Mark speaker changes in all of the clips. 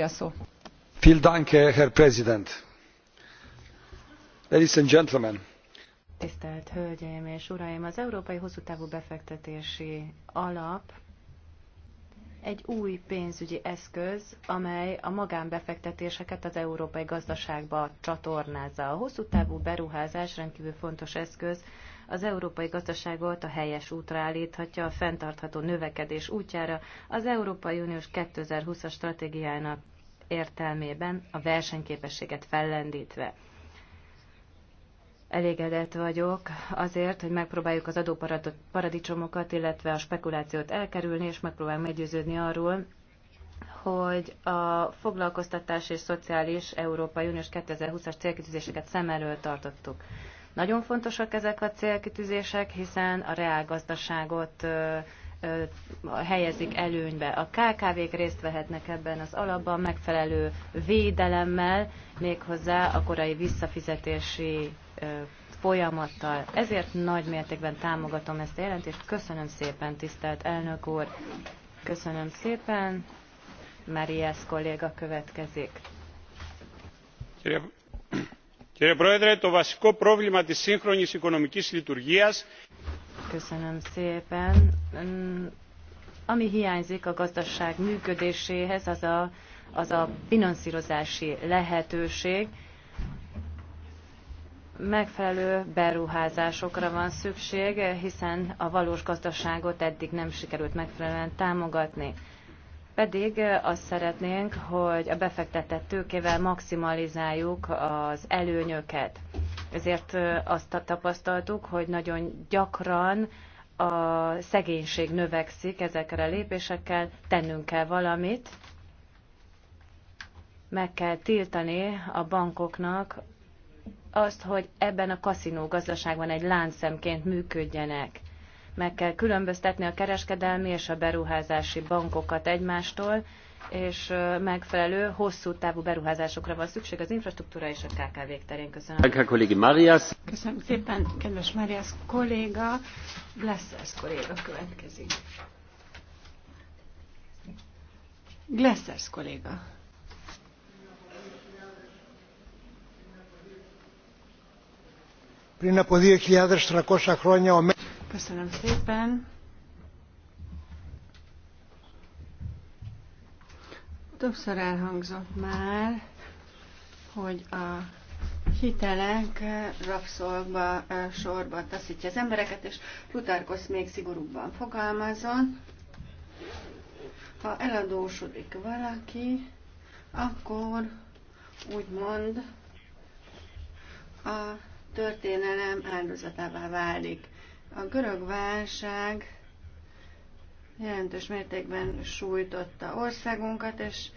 Speaker 1: a szó. Tisztelt Hölgyeim és Uraim! Az Európai Hosszú Távú Befektetési Alap egy új pénzügyi eszköz, amely a magánbefektetéseket az európai gazdaságba csatornázza. A hosszú távú beruházás rendkívül fontos eszköz az európai gazdaságot a helyes útra állíthatja, a fenntartható növekedés útjára, az Európai Uniós 2020-as stratégiának értelmében a versenyképességet fellendítve. Elégedett vagyok azért, hogy megpróbáljuk az adóparadicsomokat, illetve a spekulációt elkerülni, és megpróbáljuk meggyőződni arról, hogy a foglalkoztatás és szociális Európai Uniós 2020-as célkitűzéseket szem előtt tartottuk. Nagyon fontosak ezek a célkitűzések, hiszen a reálgazdaságot helyezik előnybe. A KKV-k részt vehetnek ebben az alapban megfelelő védelemmel, méghozzá a korai visszafizetési folyamattal. Ezért nagy mértékben támogatom ezt a jelentést. Köszönöm szépen, tisztelt elnök úr. Köszönöm szépen. Marias kolléga következik.
Speaker 2: Kérem, Κύριε Πρόεδρε, το βασικό πρόβλημα της σύγχρονης οικονομικής λειτουργίας...
Speaker 1: Köszönöm szépen. Ami hiányzik a gazdaság működéséhez, az a, az a finanszírozási lehetőség. Megfelelő beruházásokra van szükség, hiszen a valós gazdaságot eddig nem sikerült megfelelően támogatni pedig azt szeretnénk, hogy a befektetett tőkével maximalizáljuk az előnyöket. Ezért azt tapasztaltuk, hogy nagyon gyakran a szegénység növekszik ezekkel a lépésekkel, tennünk kell valamit, meg kell tiltani a bankoknak azt, hogy ebben a kaszinó gazdaságban egy láncszemként működjenek meg kell különböztetni a kereskedelmi és a beruházási bankokat egymástól, és megfelelő hosszú távú beruházásokra van szükség az infrastruktúra és a kkv terén. Köszönöm.
Speaker 2: Köszönöm szépen, kedves Marias kolléga. Glasszers kolléga következik. Glasszers kolléga.
Speaker 1: Πριν από 2.300 χρόνια ο
Speaker 2: Köszönöm szépen. Többször elhangzott már, hogy a hitelek rabszolgba sorba taszítja az embereket, és Plutarkosz még szigorúbban fogalmazott. Ha eladósodik valaki, akkor úgymond a történelem áldozatává válik. A görög válság jelentős mértékben sújtotta országunkat, és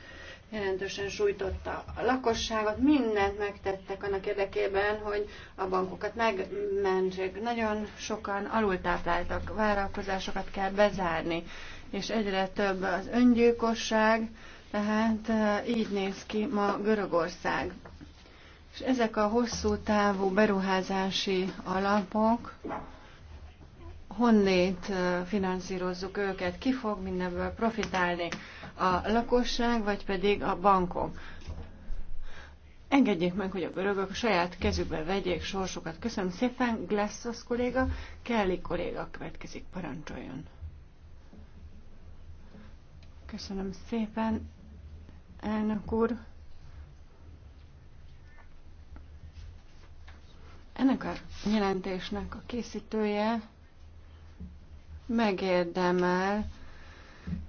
Speaker 2: jelentősen sújtotta a lakosságot. Mindent megtettek annak érdekében, hogy a bankokat megmentsék. Nagyon sokan alultápláltak, vállalkozásokat kell bezárni, és egyre több az öngyilkosság, tehát eh, így néz ki ma Görögország. És ezek a hosszú távú beruházási alapok, honnét finanszírozzuk őket, ki fog mindenből profitálni, a lakosság vagy pedig a bankok. Engedjék meg, hogy a görögök a saját kezükbe vegyék sorsokat. Köszönöm szépen, Glassos kolléga, Kelly kolléga következik, parancsoljon. Köszönöm szépen, elnök úr. Ennek a jelentésnek a készítője megérdemel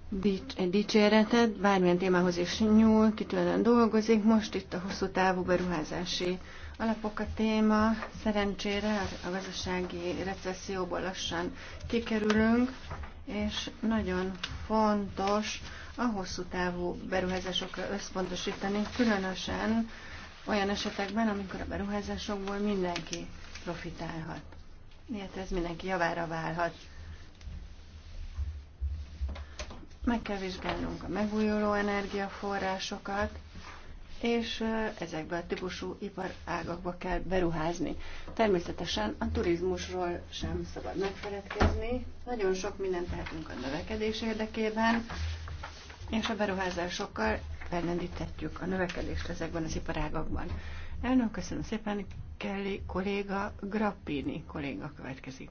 Speaker 2: dics- dicséretet, bármilyen témához is nyúl, kitűnően dolgozik. Most itt a hosszú távú beruházási alapok a téma. Szerencsére a gazdasági recesszióból lassan kikerülünk, és nagyon fontos a hosszú távú beruházásokra összpontosítani, különösen olyan esetekben, amikor a beruházásokból mindenki profitálhat. miért ez mindenki javára válhat. Meg kell vizsgálnunk a megújuló energiaforrásokat, és ezekbe a típusú iparágakba kell beruházni. Természetesen a turizmusról sem szabad megfeledkezni. Nagyon sok mindent tehetünk a növekedés érdekében, és a beruházásokkal fellendíthetjük a növekedést ezekben az iparágakban. Elnök, köszönöm szépen, Kelly kolléga, Grappini kolléga következik.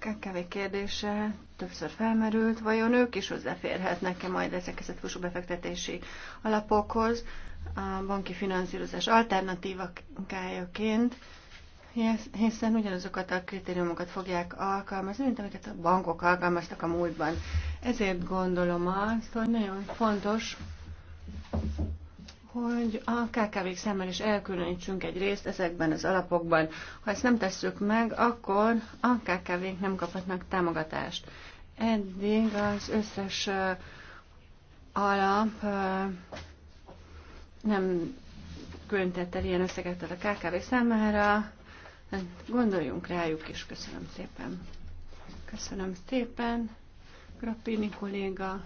Speaker 2: KKV kérdése többször felmerült, vajon ők is hozzáférhetnek-e majd ezekhez a típusú befektetési alapokhoz a banki finanszírozás alternatívakájaként, hiszen ugyanazokat a kritériumokat fogják alkalmazni, mint amiket a bankok alkalmaztak a múltban. Ezért gondolom azt, hogy nagyon fontos, hogy a KKV-k számára is elkülönítsünk egy részt ezekben az alapokban. Ha ezt nem tesszük meg, akkor a KKV-k nem kaphatnak támogatást. Eddig az összes alap nem különített el ilyen összeget a KKV számára. Gondoljunk rájuk is. Köszönöm szépen. Köszönöm szépen. Grappini kolléga.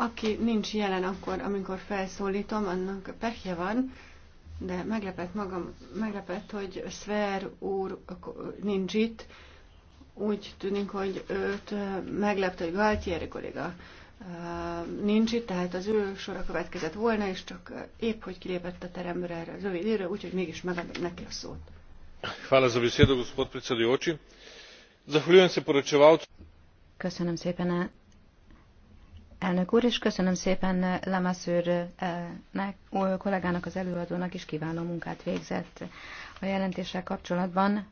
Speaker 2: Aki nincs jelen akkor, amikor felszólítom, annak pehje van, de meglepett magam, meglepett, hogy Szver úr nincs itt. Úgy tűnik, hogy őt meglepte, hogy Galtieri kolléga nincs itt, tehát az ő sora következett volna, és csak épp, hogy kilépett a teremből erre az rövid időre, úgyhogy mégis megadom neki a szót. Hvala za besedo, gospod predsedujoči. Zahvaljujem se poročevalcu.
Speaker 3: Köszönöm szépen Elnök úr, és köszönöm szépen Lemaszőrnek, kollégának, az előadónak is kiváló munkát végzett a jelentéssel kapcsolatban,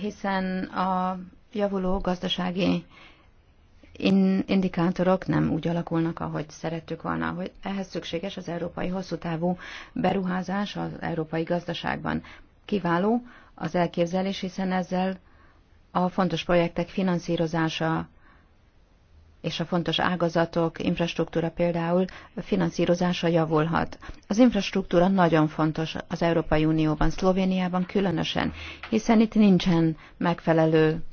Speaker 3: hiszen a javuló gazdasági indikátorok nem úgy alakulnak, ahogy szerettük volna, hogy ehhez szükséges az európai hosszú távú beruházás az európai gazdaságban. Kiváló az elképzelés, hiszen ezzel a fontos projektek finanszírozása és a fontos ágazatok, infrastruktúra például, finanszírozása javulhat. Az infrastruktúra nagyon fontos az Európai Unióban, Szlovéniában különösen, hiszen itt nincsen megfelelő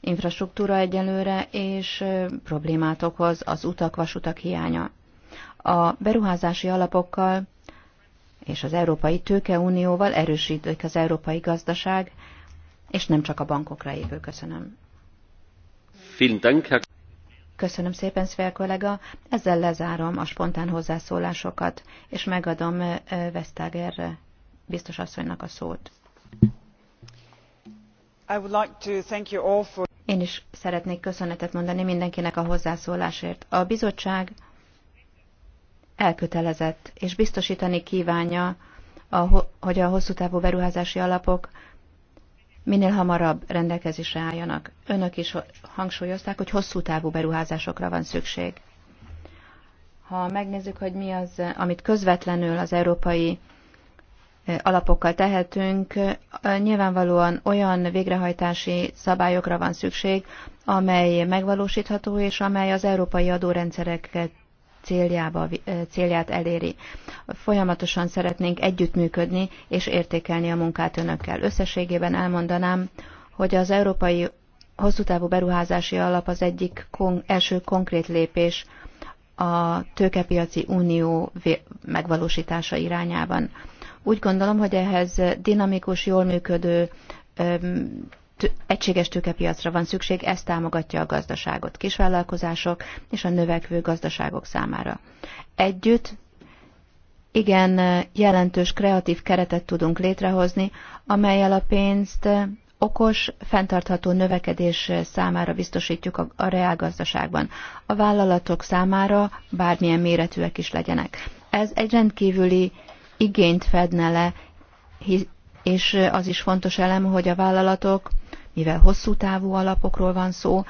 Speaker 3: infrastruktúra egyelőre, és problémát okoz az utak, vasutak hiánya. A beruházási alapokkal és az Európai Tőkeunióval erősítik az európai gazdaság és nem csak a bankokra épül. Köszönöm. Köszönöm szépen, Szfél kollega. Ezzel lezárom a spontán hozzászólásokat, és megadom Vesztager biztos asszonynak a szót. Én is szeretnék köszönetet mondani mindenkinek a hozzászólásért. A bizottság elkötelezett, és biztosítani kívánja, hogy a hosszú távú beruházási alapok minél hamarabb rendelkezésre álljanak. Önök is hangsúlyozták, hogy hosszú távú beruházásokra van szükség. Ha megnézzük, hogy mi az, amit közvetlenül az európai alapokkal tehetünk, nyilvánvalóan olyan végrehajtási szabályokra van szükség, amely megvalósítható, és amely az európai adórendszereket céljába, célját eléri. Folyamatosan szeretnénk együttműködni és értékelni a munkát önökkel. Összességében elmondanám, hogy az Európai Hosszú Távú Beruházási Alap az egyik kon- első konkrét lépés a tőkepiaci unió megvalósítása irányában. Úgy gondolom, hogy ehhez dinamikus, jól működő egységes tőkepiacra van szükség, ez támogatja a gazdaságot, kisvállalkozások és a növekvő gazdaságok számára. Együtt igen jelentős kreatív keretet tudunk létrehozni, amelyel a pénzt okos, fenntartható növekedés számára biztosítjuk a, a reálgazdaságban, a vállalatok számára bármilyen méretűek is legyenek. Ez egy rendkívüli igényt fedne le, és az is fontos elem, hogy a vállalatok mivel hosszú távú alapokról van szó,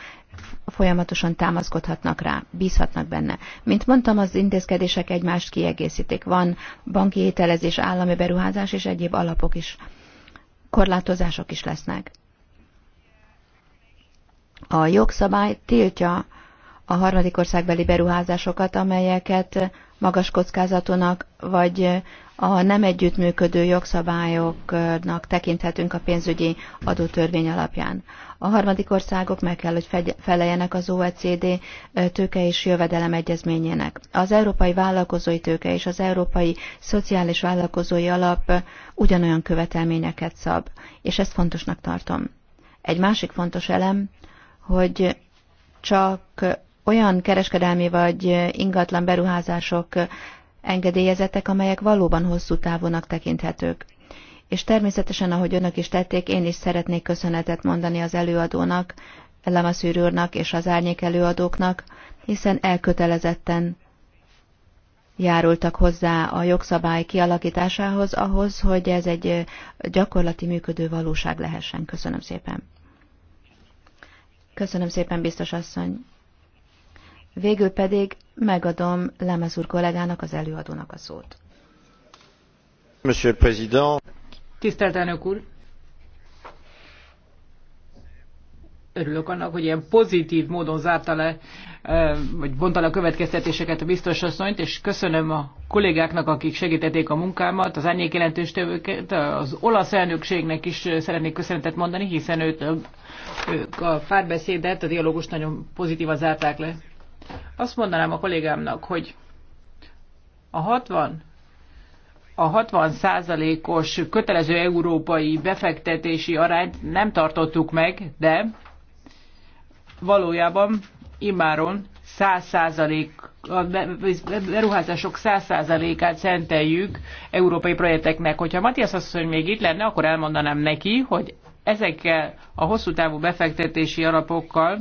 Speaker 3: folyamatosan támaszkodhatnak rá, bízhatnak benne. Mint mondtam, az intézkedések egymást kiegészítik. Van banki ételezés, állami beruházás és egyéb alapok is. Korlátozások is lesznek. A jogszabály tiltja a harmadik országbeli beruházásokat, amelyeket magas kockázatonak vagy a nem együttműködő jogszabályoknak tekinthetünk a pénzügyi adótörvény alapján. A harmadik országok meg kell, hogy feleljenek az OECD tőke és jövedelem egyezményének. Az európai vállalkozói tőke és az európai szociális vállalkozói alap ugyanolyan követelményeket szab, és ezt fontosnak tartom. Egy másik fontos elem, hogy csak olyan kereskedelmi vagy ingatlan beruházások engedélyezettek, amelyek valóban hosszú távonak tekinthetők. És természetesen, ahogy önök is tették, én is szeretnék köszönetet mondani az előadónak, Lemaszűr és az árnyék előadóknak, hiszen elkötelezetten járultak hozzá a jogszabály kialakításához, ahhoz, hogy ez egy gyakorlati működő valóság lehessen. Köszönöm szépen. Köszönöm szépen, biztos asszony. Végül pedig megadom Lemez úr kollégának, az előadónak a szót.
Speaker 4: Monsieur le Président. Tisztelt elnök úr! Örülök annak, hogy ilyen pozitív módon zárta le, vagy mondta le a következtetéseket a biztos asszonyt, és köszönöm a kollégáknak, akik segítették a munkámat, az jelentős tevőket, az olasz elnökségnek is szeretnék köszönetet mondani, hiszen őt a párbeszédet, a dialógust nagyon pozitívan zárták le. Azt mondanám a kollégámnak, hogy a 60 a 60 százalékos kötelező európai befektetési arányt nem tartottuk meg, de valójában imáron 100 százalék a beruházások 100%-át szenteljük európai projekteknek. Hogyha Matthias asszony még itt lenne, akkor elmondanám neki, hogy ezekkel a hosszú távú befektetési alapokkal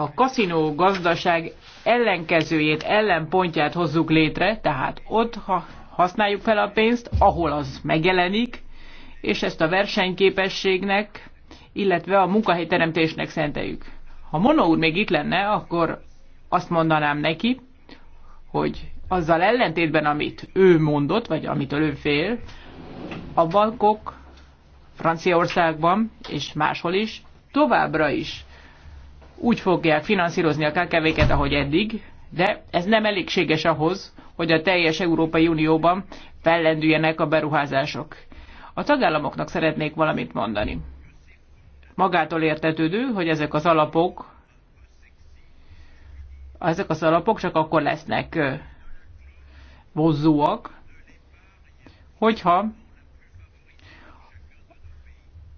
Speaker 4: a kaszinó gazdaság ellenkezőjét, ellenpontját hozzuk létre, tehát ott ha használjuk fel a pénzt, ahol az megjelenik, és ezt a versenyképességnek, illetve a munkahelyteremtésnek szenteljük. Ha Mono úr még itt lenne, akkor azt mondanám neki, hogy azzal ellentétben, amit ő mondott, vagy amit ő fél, a bankok Franciaországban és máshol is továbbra is úgy fogják finanszírozni a KKV-ket, ahogy eddig, de ez nem elégséges ahhoz, hogy a teljes Európai Unióban fellendüljenek a beruházások. A tagállamoknak szeretnék valamit mondani. Magától értetődő, hogy ezek az alapok ezek az alapok csak akkor lesznek vonzóak, hogyha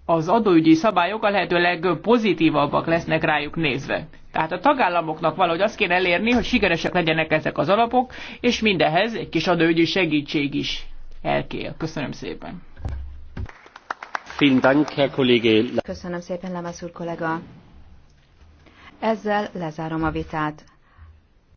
Speaker 4: az adóügyi szabályok a lehető legpozitívabbak lesznek rájuk nézve. Tehát a tagállamoknak valahogy azt kéne elérni, hogy sikeresek legyenek ezek az alapok, és mindehez egy kis adóügyi segítség is elkél. Köszönöm szépen.
Speaker 3: Köszönöm szépen, Lemesz úr kollega. Ezzel lezárom a vitát.